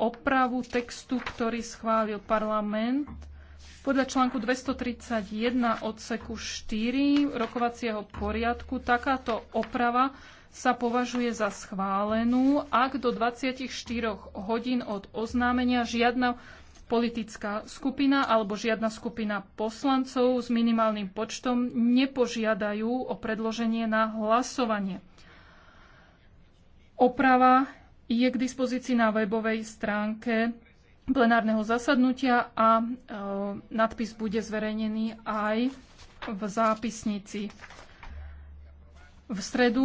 opravu textu, ktorý schválil parlament podľa článku 231 odseku 4 rokovacieho poriadku. Takáto oprava sa považuje za schválenú, ak do 24 hodín od oznámenia žiadna politická skupina alebo žiadna skupina poslancov s minimálnym počtom nepožiadajú o predloženie na hlasovanie. Oprava je k dispozícii na webovej stránke plenárneho zasadnutia a e, nadpis bude zverejnený aj v zápisnici. V stredu